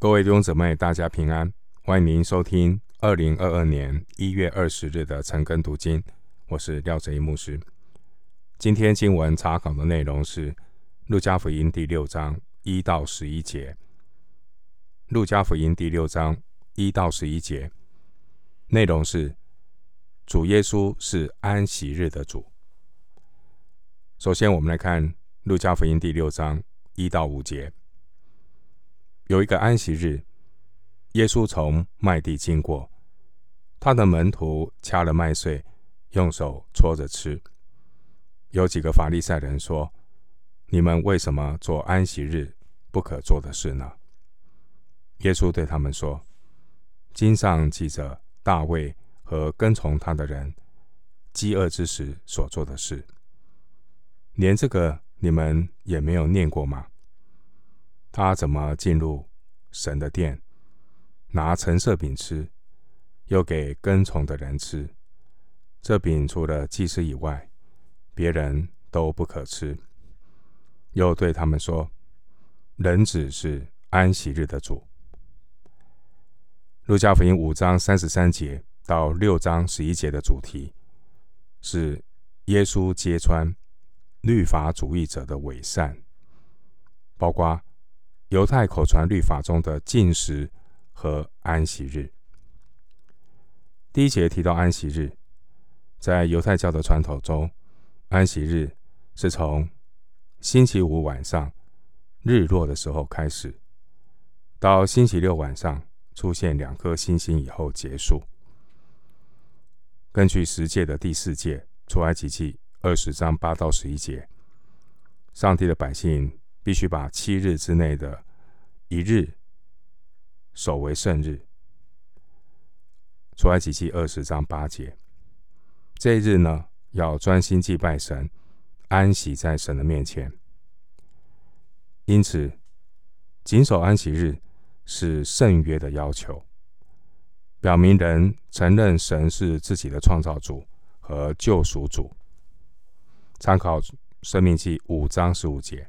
各位弟兄姊妹，大家平安！歡迎您收聽二零二二年一月二十日的晨更讀經，我是廖哲一牧師。今天經文查考的內容是《路加福音》第六章一到十一節，《路加福音》第六章一到十一節內容是：主耶穌是安息日的主。首先，我們來看《路加福音》第六章一到五節。有一個安息日，耶穌從麥地經過，他的門徒掐了麥穗，用手搓着吃。有幾個法利賽人說：“你們為什麼做安息日不可做的事呢？”耶穌對他們說：“經上記着大衛和跟從他的人，飢餓之時所做的事，連這個你們也沒有念過嗎？”他、啊、怎麼進入神的殿，拿陳設餅吃，又給跟從的人吃。這餅除了祭司以外，別人都不可吃。又對他們說：“人子是安息日的主。”路加福音五章三十三節到六章十一節的主題是耶穌揭穿律法主義者的偽善，包括。猶太口傳律法中的禁食和安息日。第一節提到安息日，在猶太教的傳統中，安息日是從星期五晚上日落的時候開始，到星期六晚上出現兩顆星星以後結束。根據十誡的第四誡，出埃及記二十章八到十一節，上帝的百姓。必須把七日之內的一日守為聖日。出埃及記二十章八節，這一日呢，要專心祭拜神，安息在神的面前。因此，謹守安息日是聖約的要求，表明人承認神是自己的創造主和救贖主。參考申命記五章十五節。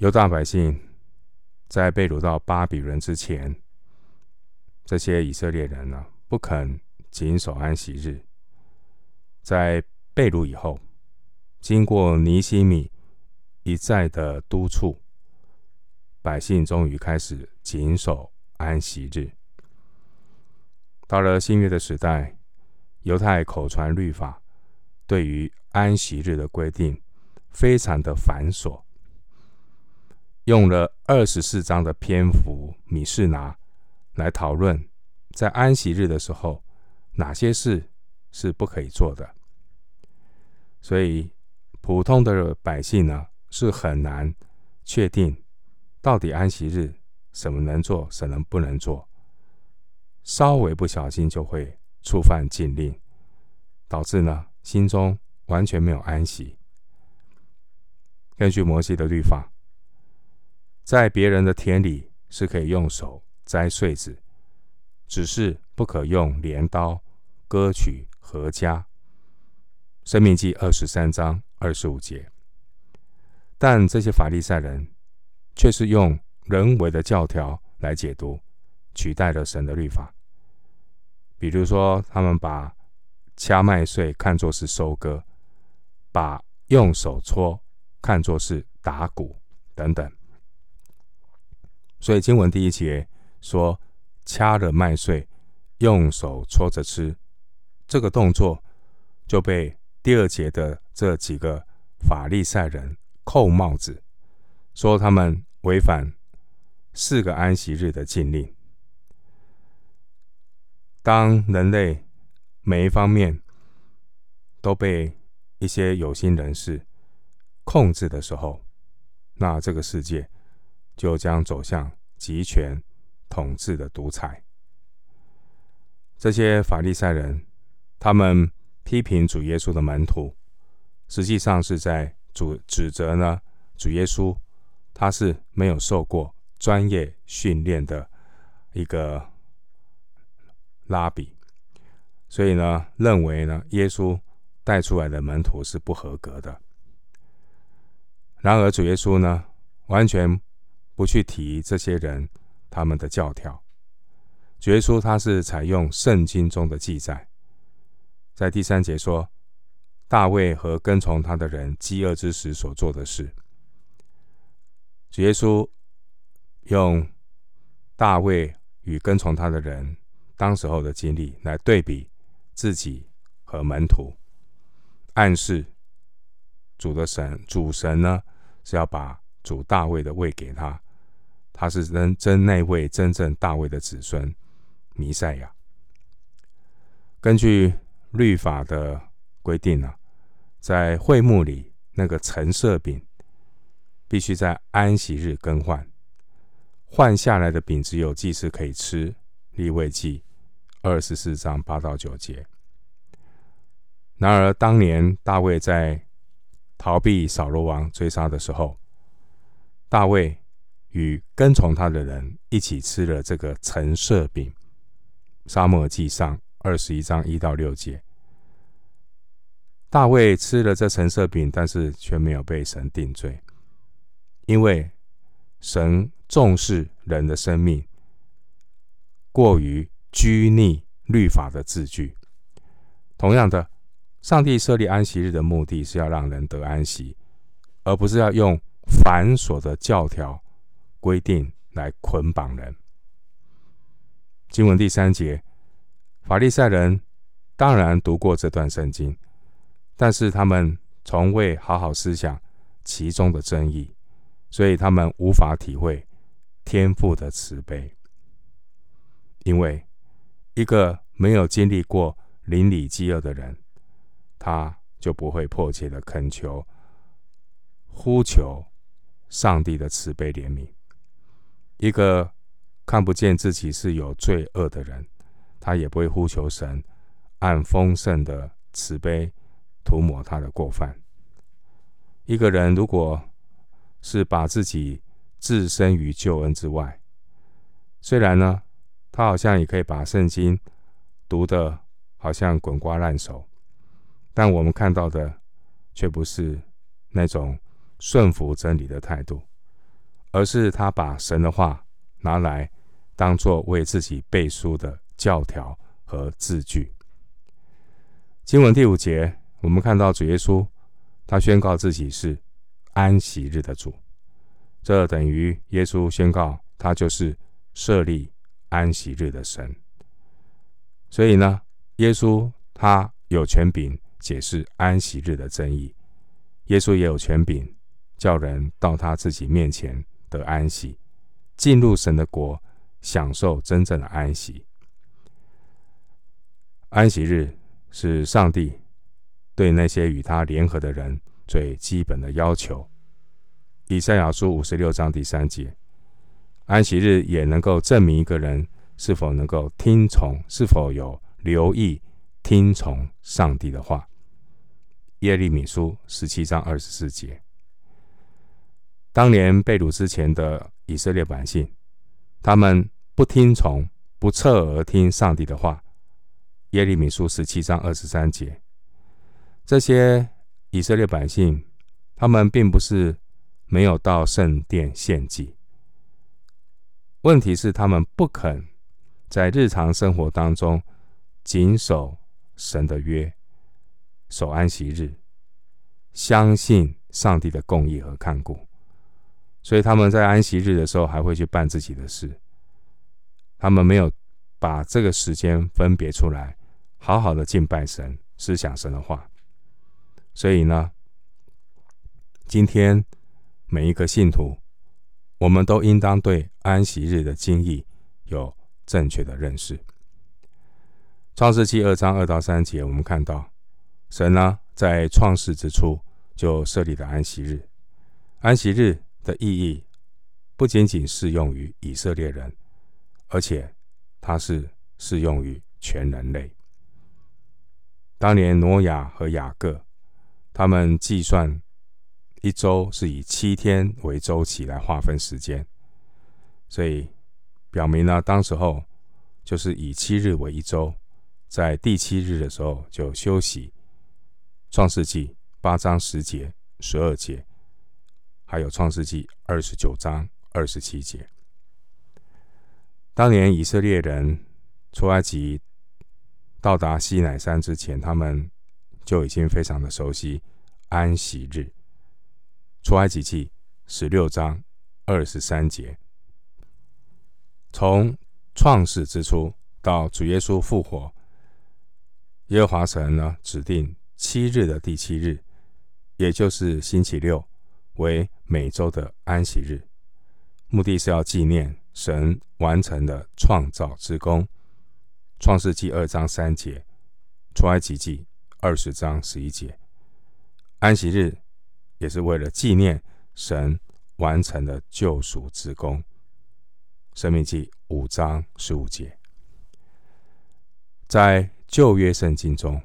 猶大百姓在被擄到巴比倫之前，這些以色列人呢不肯謹守安息日。在被擄以後，經過尼西米一再的督促，百姓終於開始謹守安息日。到了新約的時代，猶太口傳律法對於安息日的規定非常的繁瑣。用了二十四章的篇幅，米士拿來討論在安息日的時候，哪些事是不可以做的。所以，普通的百姓呢，是很難確定到底安息日什麼能做，什麼不能做。稍微不小心就會觸犯禁令，導致呢心中完全沒有安息。根據摩西的律法。在別人的田裡是可以用手摘穗子，只是不可用鐮刀割取禾稼。《申命記》二十三章二十五節。但這些法利賽人卻是用人為的教條來解讀，取代了神的律法。比如說，他們把掐麥穗看作是收割，把用手搓看作是打穀，等等。所以經文第一節說：“掐了麥穗，用手搓着吃。”這個動作就被第二節的這幾個法利賽人扣帽子，說他們違反四個安息日的禁令。當人類每一方面都被一些有心人士控制的時候，那這個世界。就將走向集權統治的獨裁。這些法利賽人，他們批評主耶穌的門徒，實際上是在主指責呢，主耶穌，他是沒有受過專業訓練的一個拉比，所以呢，認為呢耶穌帶出來的門徒是不合格的。然而，主耶穌呢，完全。不去提這些人他們的教條。耶穌他是採用聖經中的記載，在第三節說大衛和跟從他的人飢餓之時所做的事。耶穌用大衛與跟從他的人當時候的經歷來對比自己和門徒，暗示主的神主神呢是要把主大衛的位給他。他是真真那位真正大衛的子孫彌賽亞。根據律法的規定啊，在會幕裡那個陳設餅必須在安息日更換，換下來的餅只有祭司可以吃，利未記二十四章八到九節。然而當年大衛在逃避掃羅王追殺的時候，大衛與跟從他的人一起吃了這個陳設餅，《撒母耳記上》二十一章一到六節。大衛吃了這陳設餅，但是卻沒有被神定罪，因為神重視人的生命，過於拘泥律法的字句。同樣的，上帝設立安息日的目的是要讓人得安息，而不是要用繁瑣的教條。規定來捆綁人。經文第三節，法利賽人當然讀過這段聖經，但是他們從未好好思想其中的真意，所以他們無法體會天父的慈悲。因為一個沒有經歷過鄰里飢餓的人，他就不會迫切的懇求、呼求上帝的慈悲憐憫。一個看不見自己是有罪惡的人，他也不會呼求神按豐盛的慈悲塗抹他的過犯。一個人如果是把自己置身於救恩之外，雖然呢，他好像也可以把聖經讀得好像滾瓜爛熟，但我們看到的卻不是那種順服真理的態度。而是他把神的話拿來當作為自己背書的教條和字句。經文第五節，我們看到主耶穌，他宣告自己是安息日的主，這等於耶穌宣告他就是設立安息日的神。所以呢，耶穌他有權柄解釋安息日的真義，耶穌也有權柄叫人到他自己面前。的安息，進入神的國，享受真正的安息。安息日是上帝對那些與他聯合的人最基本的要求。以賽亞書五十六章第三節，安息日也能夠證明一個人是否能夠聽從，是否有留意聽從上帝的話。耶利米書十七章二十四節。當年被擄之前的以色列百姓，他們不聽從，不側耳聽上帝的話，《耶利米書》十七章二十三節。這些以色列百姓，他們並不是沒有到聖殿獻祭，問題是他們不肯在日常生活當中謹守神的約，守安息日，相信上帝的公義和看顧。所以他們在安息日的時候還會去辦自己的事，他們沒有把這個時間分別出來，好好的敬拜神、思想神的話。所以呢，今天每一個信徒，我們都應當對安息日的經義有正確的認識。創世記二章二到三節，我們看到神呢在創世之初就設立了安息日，安息日。的意義不僅僅適用於以色列人，而且它是適用於全人類。當年挪亞和雅各，他們計算一周是以七天為周期來劃分時間，所以表明呢，當時候就是以七日為一周，在第七日的時候就休息。創世紀八章十節、十二節。還有《創世記》二十九章二十七節，當年以色列人出埃及到達西奈山之前，他們就已經非常的熟悉安息日。出埃及記十六章二十三節，從創世之初到主耶穌復活，耶和華神呢指定七日的第七日，也就是星期六。為每週的安息日，目的是要紀念神完成的創造之功，《創世記》二章三節，《出埃及記》二十章十一節。安息日也是為了紀念神完成的救贖之功，《申命記》五章十五節。在舊約聖經中，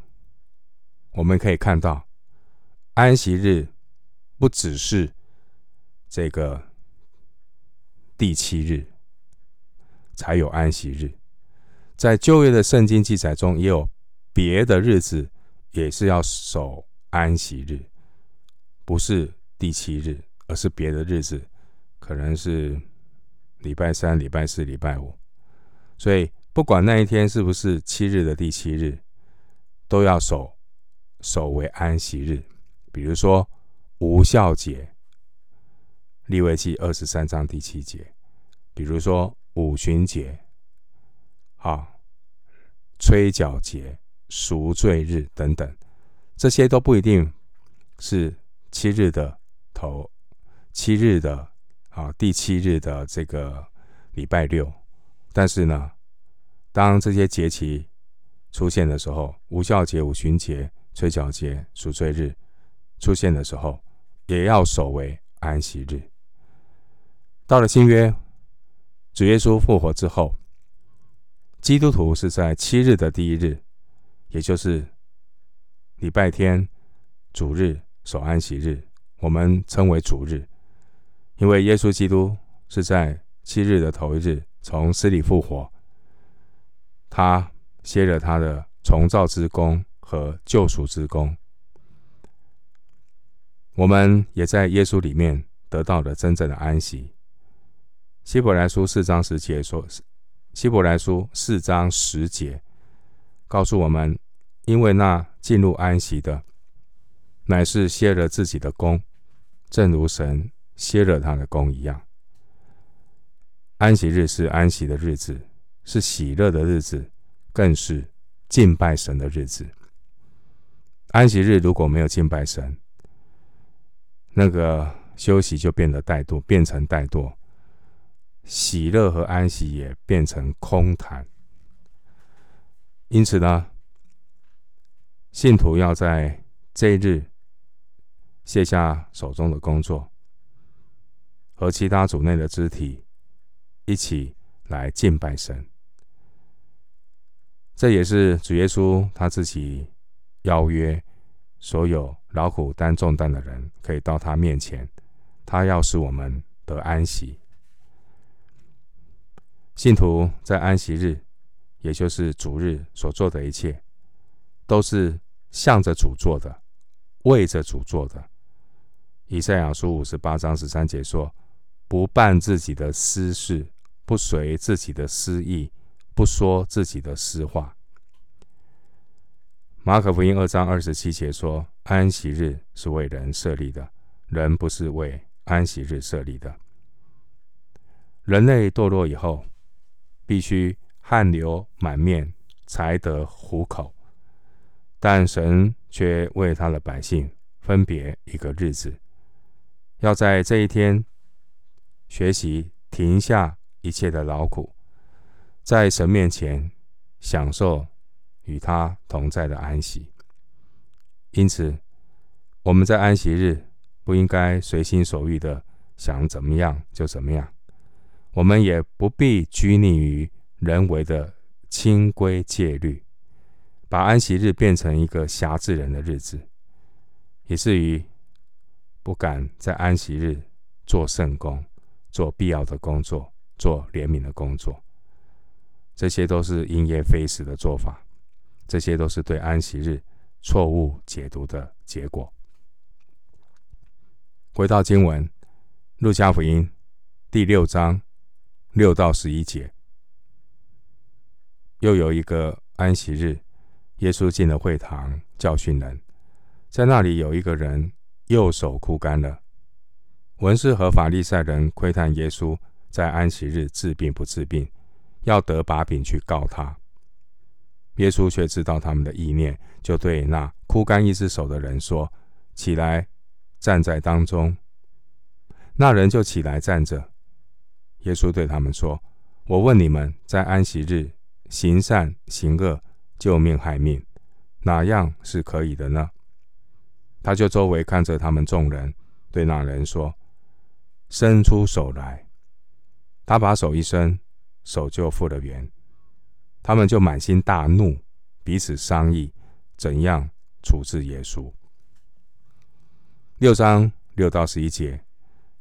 我們可以看到安息日。不只是這個第七日才有安息日，在舊約的聖經記載中，也有別的日子也是要守安息日，不是第七日，而是別的日子，可能是禮拜三、禮拜四、禮拜五。所以，不管那一天是不是七日的第七日，都要守守為安息日，比如說。無酵節，利未記二十三章第七節，比如說五旬節，啊，吹角節、贖罪日等等，這些都不一定是七日的頭，七日的啊，第七日的這個禮拜六。但是呢，當這些節期出現的時候，無酵節、五旬節、吹角節、贖罪日出現的時候。也要守為安息日。到了新約，主耶穌復活之後，基督徒是在七日的第一日，也就是禮拜天、主日守安息日，我們稱為主日，因為耶穌基督是在七日的頭一日從死裡復活，他歇着他的重造之功和救贖之功。我們也在耶穌裡面得到了真正的安息。希伯來書四章十節說：“希伯來書四章十節告訴我們，因為那進入安息的，乃是歇了自己的工，正如神歇了他的工一樣。”安息日是安息的日子，是喜樂的日子，更是敬拜神的日子。安息日如果沒有敬拜神，那個休息就變得怠惰，變成怠惰，喜樂和安息也變成空談。因此呢，信徒要在這一日卸下手中的工作，和其他組內的肢體一起來敬拜神。這也是主耶穌他自己邀約所有勞苦擔重擔的人可以到他面前，他要使我們得安息。信徒在安息日，也就是主日所做的一切，都是向着主做的，為着主做的。以賽亞書五十八章十三節說：“不辦自己的私事，不隨自己的私意，不說自己的私話。”馬可福音二章二十七節說。安息日是為人設立的，人不是為安息日設立的。人類墮落以後，必須汗流滿面才得糊口，但神卻為他的百姓分別一個日子，要在這一天學習停下一切的勞苦，在神面前享受與他同在的安息。因此，我們在安息日不應該隨心所欲的想怎麼樣就怎麼樣。我們也不必拘泥於人為的清規戒律，把安息日變成一個轄制人的日子，以至於不敢在安息日做聖工，做必要的工作、做憐憫的工作。這些都是因噎廢食的做法，這些都是對安息日。錯誤解讀的結果。回到經文，《路加福音》第六章六到十一節，又有一個安息日，耶穌進了會堂教訓人，在那裡有一個人右手枯乾了。文士和法利賽人窺探耶穌在安息日治病不治病，要得把柄去告他。耶穌卻知道他們的意念，就對那枯乾一隻手的人說：“起來，站在當中。”那人就起來站着。耶穌對他們說：“我問你們，在安息日行善行惡、救命害命，哪樣是可以的呢？”他就周圍看着他們眾人，對那人說：“伸出手來。”他把手一伸，手就復了原。他們就滿心大怒，彼此商議怎樣處置耶穌。六章六到十一節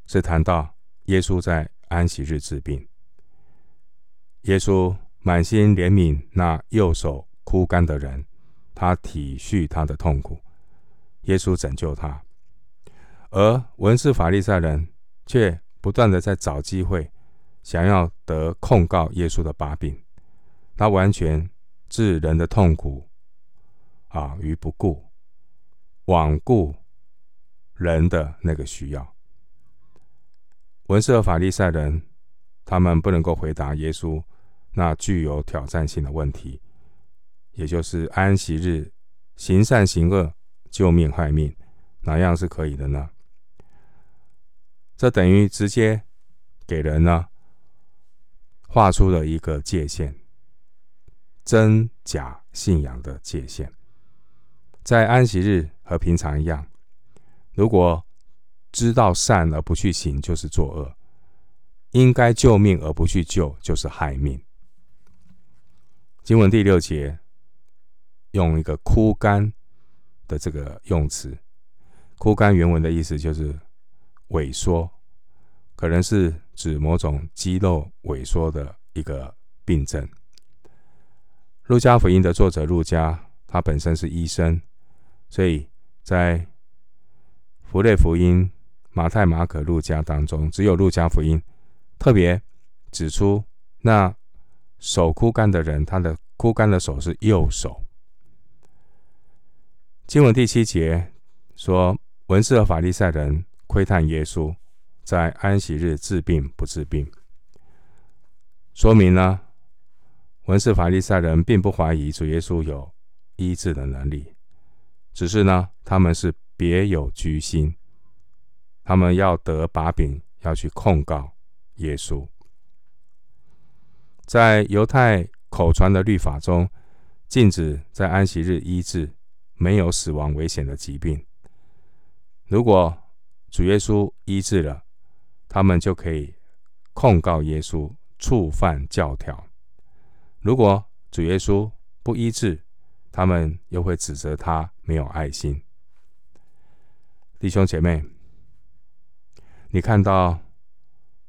是談到耶穌在安息日治病。耶穌滿心憐憫那右手枯乾的人，他體恤他的痛苦，耶穌拯救他，而文士法利賽人卻不斷的在找機會，想要得控告耶穌的把柄。他完全置人的痛苦啊，於不顧，罔顧人的那個需要。文士和法利賽人,他們不能夠回答耶穌那具有挑戰性的問題，也就是安息日行善行惡、救命害命，哪樣是可以的呢？這等於直接給人呢畫出了一個界限。真假信仰的界限，在安息日和平常一樣。如果知道善而不去行，就是作惡；應該救命而不去救，就是害命。經文第六節用一個枯乾的這個用詞，“枯乾”原文的意思就是萎縮，可能是指某種肌肉萎縮的一個病症。路加福音的作者路加，他本身是醫生，所以在《符類福音》《馬太》《馬可》《路加》當中，只有《路加福音》特別指出那手枯乾的人，他的枯乾的手是右手。經文第七節說，文士和法利賽人窺探耶穌在安息日治病不治病，說明呢？文士法利賽人並不懷疑主耶穌有醫治的能力，只是呢，他們是別有居心，他們要得把柄，要去控告耶穌。在猶太口傳的律法中，禁止在安息日醫治沒有死亡危險的疾病。如果主耶穌醫治了，他們就可以控告耶穌觸犯教條。如果主耶穌不醫治，他們又會指責他沒有愛心。弟兄姐妹，你看到，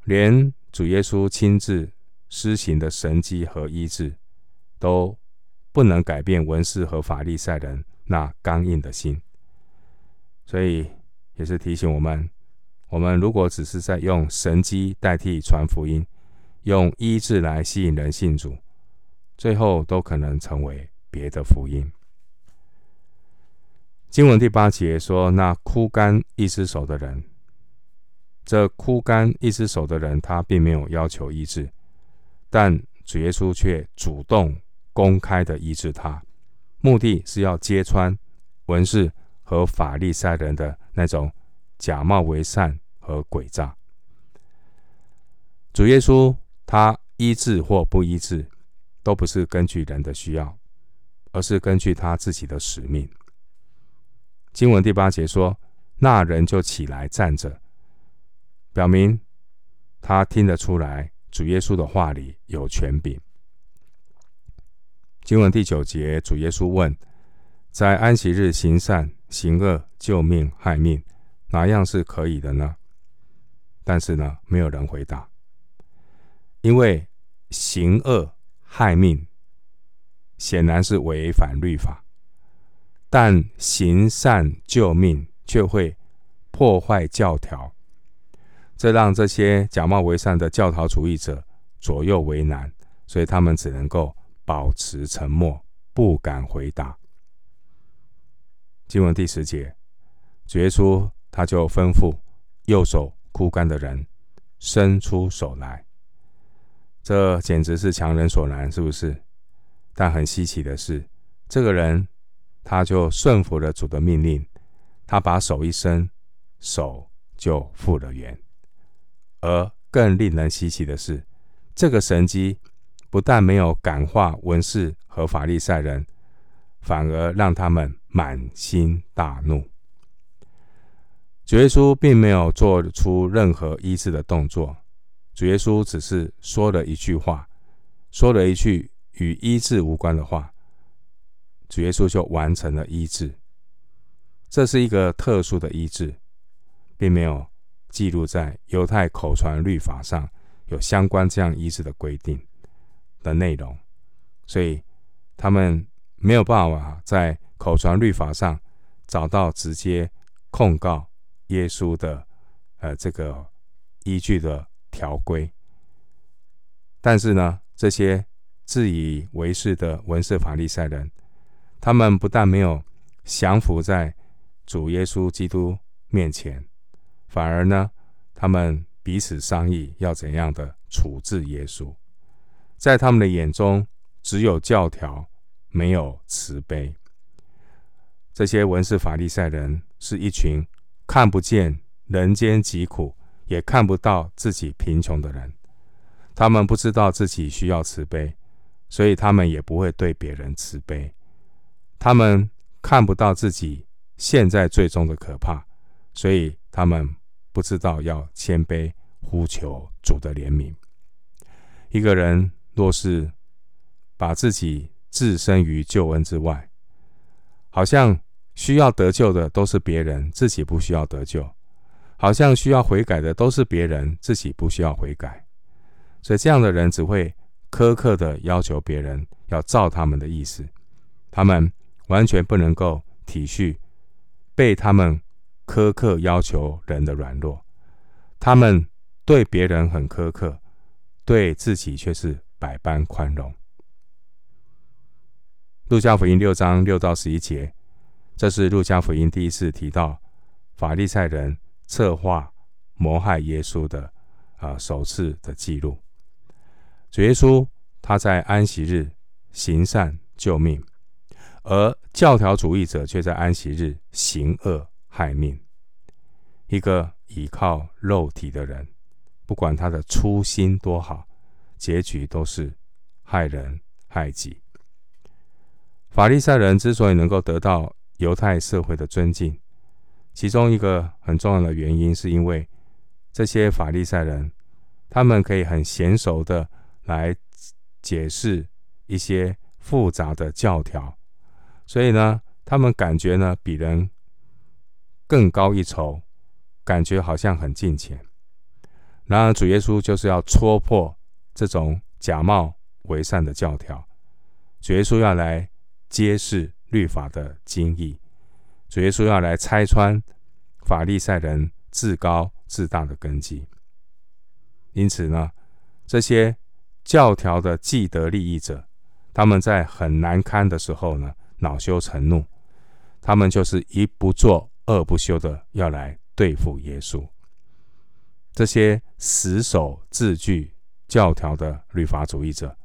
連主耶穌親自施行的神蹟和醫治，都不能改變文士和法利賽人那剛硬的心。所以，也是提醒我們：我們如果只是在用神蹟代替傳福音，用醫治來吸引人信主。最後都可能成為別的福音。經文第八節說：“那枯乾一隻手的人，這枯乾一隻手的人，他並沒有要求醫治，但主耶穌卻主動公開的醫治他，目的是要揭穿文士和法利賽人的那種假冒為善和詭詐。”主耶穌他醫治或不醫治？都不是根據人的需要，而是根據他自己的使命。經文第八節說：“那人就起來站着，表明他聽得出來主耶穌的話裡有權柄。”經文第九節，主耶穌問：“在安息日行善、行惡、救命、害命，哪樣是可以的呢？”但是呢，沒有人回答，因為行惡。害命顯然是違反律法，但行善救命卻會破壞教條，這讓這些假冒為善的教條主義者左右為難，所以他們只能夠保持沉默，不敢回答。經文第十節，耶穌，他就吩咐右手枯乾的人伸出手來。這簡直是強人所難，是不是？但很稀奇的是，這個人他就順服了主的命令，他把手一伸，手就復了原。而更令人稀奇的是，這個神蹟不但沒有感化文士和法利賽人，反而讓他們滿心大怒。耶穌並沒有做出任何醫治的動作。主耶穌只是說了一句話，說了一句與醫治無關的話，主耶穌就完成了醫治。這是一個特殊的醫治，並沒有記錄在猶太口傳律法上有相關這樣醫治的規定的內容，所以他們沒有辦法在口傳律法上找到直接控告耶穌的呃，這個依據的條規，但是呢，這些自以為是的文士法利賽人，他們不但沒有降服在主耶穌基督面前，反而呢，他們彼此商議要怎樣的處置耶穌。在他們的眼中，只有教條，沒有慈悲。這些文士法利賽人是一群看不見人間疾苦。也看不到自己貧窮的人，他們不知道自己需要慈悲，所以他們也不會對別人慈悲。他們看不到自己現在最終的可怕，所以他們不知道要謙卑，呼求主的憐憫。一個人若是把自己置身於救恩之外，好像需要得救的都是別人，自己不需要得救。好像需要悔改的都是別人，自己不需要悔改，所以這樣的人只會苛刻的要求別人要照他們的意思，他們完全不能夠體恤被他們苛刻要求人的軟弱，他們對別人很苛刻，對自己卻是百般寬容。路加福音六章六到十一節，這是路加福音第一次提到法利賽人。策劃謀害耶穌的啊、呃，首次的記錄。主耶穌他在安息日行善救命，而教條主義者卻在安息日行惡害命。一個倚靠肉體的人，不管他的初心多好，結局都是害人害己。法利賽人之所以能夠得到猶太社會的尊敬，其中一個很重要的原因，是因為這些法利賽人，他們可以很嫻熟的來解釋一些複雜的教條，所以呢，他們感覺呢比人更高一籌，感覺好像很敬虔。然而，主耶穌就是要戳破這種假冒偽善的教條，主耶穌要來揭示律法的精意。主耶穌要來拆穿法利賽人自高自大的根基，因此呢，這些教條的既得利益者，他們在很難堪的時候呢，惱羞成怒，他們就是一不做二不休的要來對付耶穌。這些死守字句教條的律法主義者，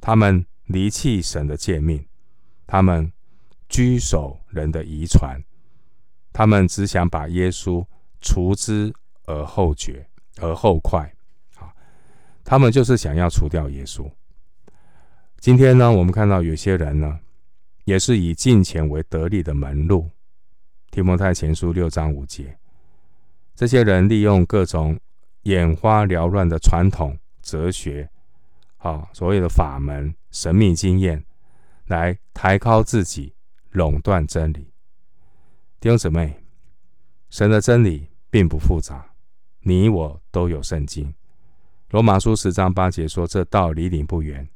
他們離棄神的誡命，他們。拘守人的遺傳，他們只想把耶穌除之而後絕，而後快啊！他們就是想要除掉耶穌。今天呢，我們看到有些人呢，也是以敬虔為得利的門路。提摩太前書六章五節，這些人利用各種眼花繚亂的傳統哲學，啊、所謂的法門、神秘經驗，來抬高自己。壟斷真理，弟兄姊妹，神的真理並不複雜。你我都有聖經，《羅馬書》十章八節說：“這道離你不遠，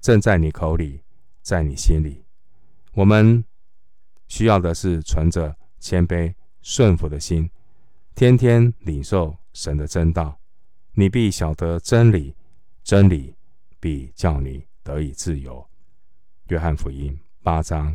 正在你口裡，在你心裡。”我們需要的是存着謙卑順服的心，天天領受神的真道，你必曉得真理，真理必叫你得以自由。”《約翰福音》八章。